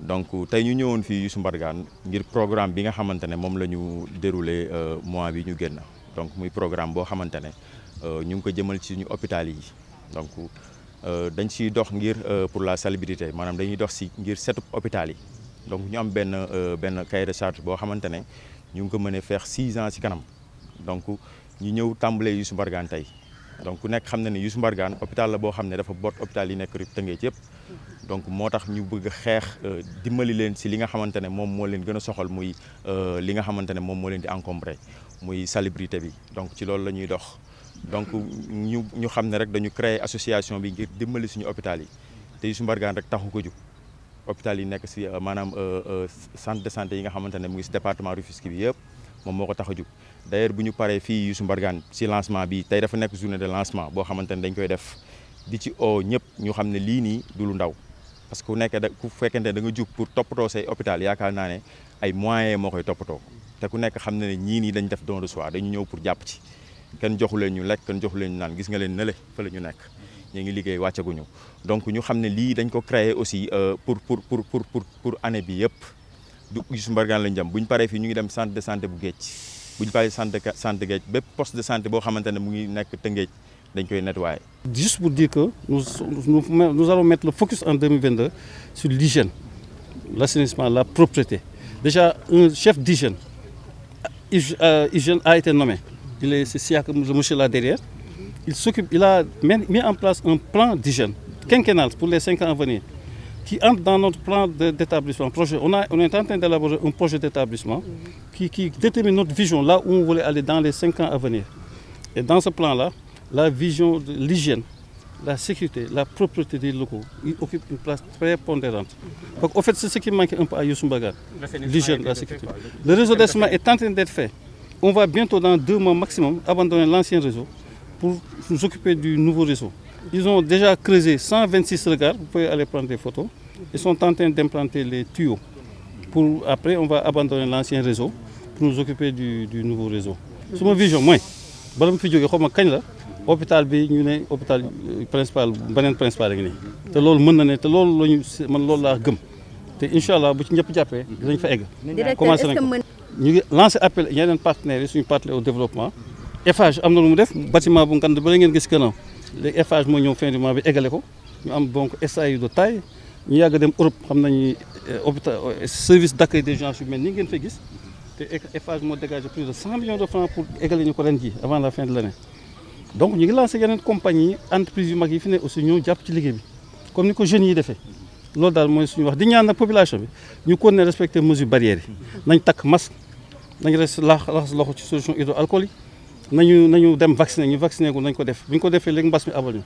donc tey ñu ñëwoon fii Youssou Mbargane ngir programme bi nga xamante ne moom la ñu déroulé euh, mois bi ñu génn donc muy programme boo xamante ne euh, ñu ngi ko jëmal ci suñu hôpital yi donc euh, dañ siy dox ngir pour la salubrité maanaam dañuy dox si ngir setub hôpital yi donc ñu am benn benn cahier de charge boo xamante ne ñu ngi ko mënee feex six ans si kanam donc ñu ñëw tàmbalee Youssou Mbargane tey donc nekk xam na ne Youssou Mbargane hôpital la boo xam ne dafa boot hôpital yi nekk Tëngéej yëpp donc moo tax ñu bëgg xeex euh, dimbali leen si li nga xamante ne moom moo leen gën a soxal muy euh, li nga xamante ne moom moo leen di encombré muy salubrité bi donc ci loolu donc ñu ñu xam ne association bi ngir dimbali suñu hôpital yi te yi su mbargaan hôpital yi nekk si euh, maanaam centre de santé yi nga xamante ne muy si département rufiski bi yëpp moom moo ko tax a jub d' ailleurs bu ñu paree fii yusu mbargaan si lancement bi tey dafa nekk journée de lancement boo xamante ne dañ koy def di ci oo ñëpp ñu xam ne lii nii du lu ndaw parce que nek da ku fekkante da nga juk pour topoto say hôpital yaakar na ne ay moyens mo top topoto te ku nek xamna ne ñi ni dañ def don de soir dañ ñew pour japp ci ken joxu len ñu lek ken joxu len nan gis nga len nele fa la ñu nek ñi ngi liggey waccaguñu donc ñu xamne li dañ ko créer aussi euh, pour pour pour pour pour pour année bi yep du gis mbargan la ñam buñ paré fi ñu ngi dem centre de santé bu geej buñ paré centre de santé geej bép poste de santé bo xamantene mu ngi nek te geej juste pour dire que nous nous allons mettre le focus en 2022 sur l'hygiène l'assainissement la propreté déjà un chef d'hygiène euh, a été nommé il est c'est le monsieur là derrière il s'occupe il a mis en place un plan d'hygiène quinquennal pour les cinq ans à venir qui entre dans notre plan d'établissement projet on a on est en train d'élaborer un projet d'établissement qui qui détermine notre vision là où on voulait aller dans les cinq ans à venir et dans ce plan là la vision de l'hygiène, la sécurité, la propreté des locaux, ils occupent une place très pondérante. Donc, en fait, c'est ce qui manque un peu à l'hygiène, la sécurité. le réseau d'assainissement est en train d'être fait. On va bientôt, dans deux mois maximum, abandonner l'ancien réseau pour nous occuper du nouveau réseau. Ils ont déjà creusé 126 regards, vous pouvez aller prendre des photos. Ils sont en train d'implanter les tuyaux. Pour, après, on va abandonner l'ancien réseau pour nous occuper du, nouveau réseau. C'est ma vision, moi. Je suis hôpital bi ñu ne hôpital principal lancé appel partenaires au développement. am nous lu mu bâtiment bu ngand ngeen gis de taille ñu yàgg dem Europe xam euh, euh, service d'accueil des gens humains ni ngeen fay gis dégagé plus de 100 millions de francs pour ñu avant la fin de l'année donc ñu ngi lancé yeneen compagnie yi entreprise yu mag yi fi ne aussi ñoo jàpp ci liggéey bi comme ni ko jeunes yi defee loolu daal mooy suñu wax di ñaan nag population bi ñu kon ne respecté mesures barrières nañ takk masque nañ res raxas loxo ci solution hydroalcoolique yi nañu nañu dem vacciner ñu vacciner ko nañ ko def bi ñu ko defee leeg mbas mi abal ñu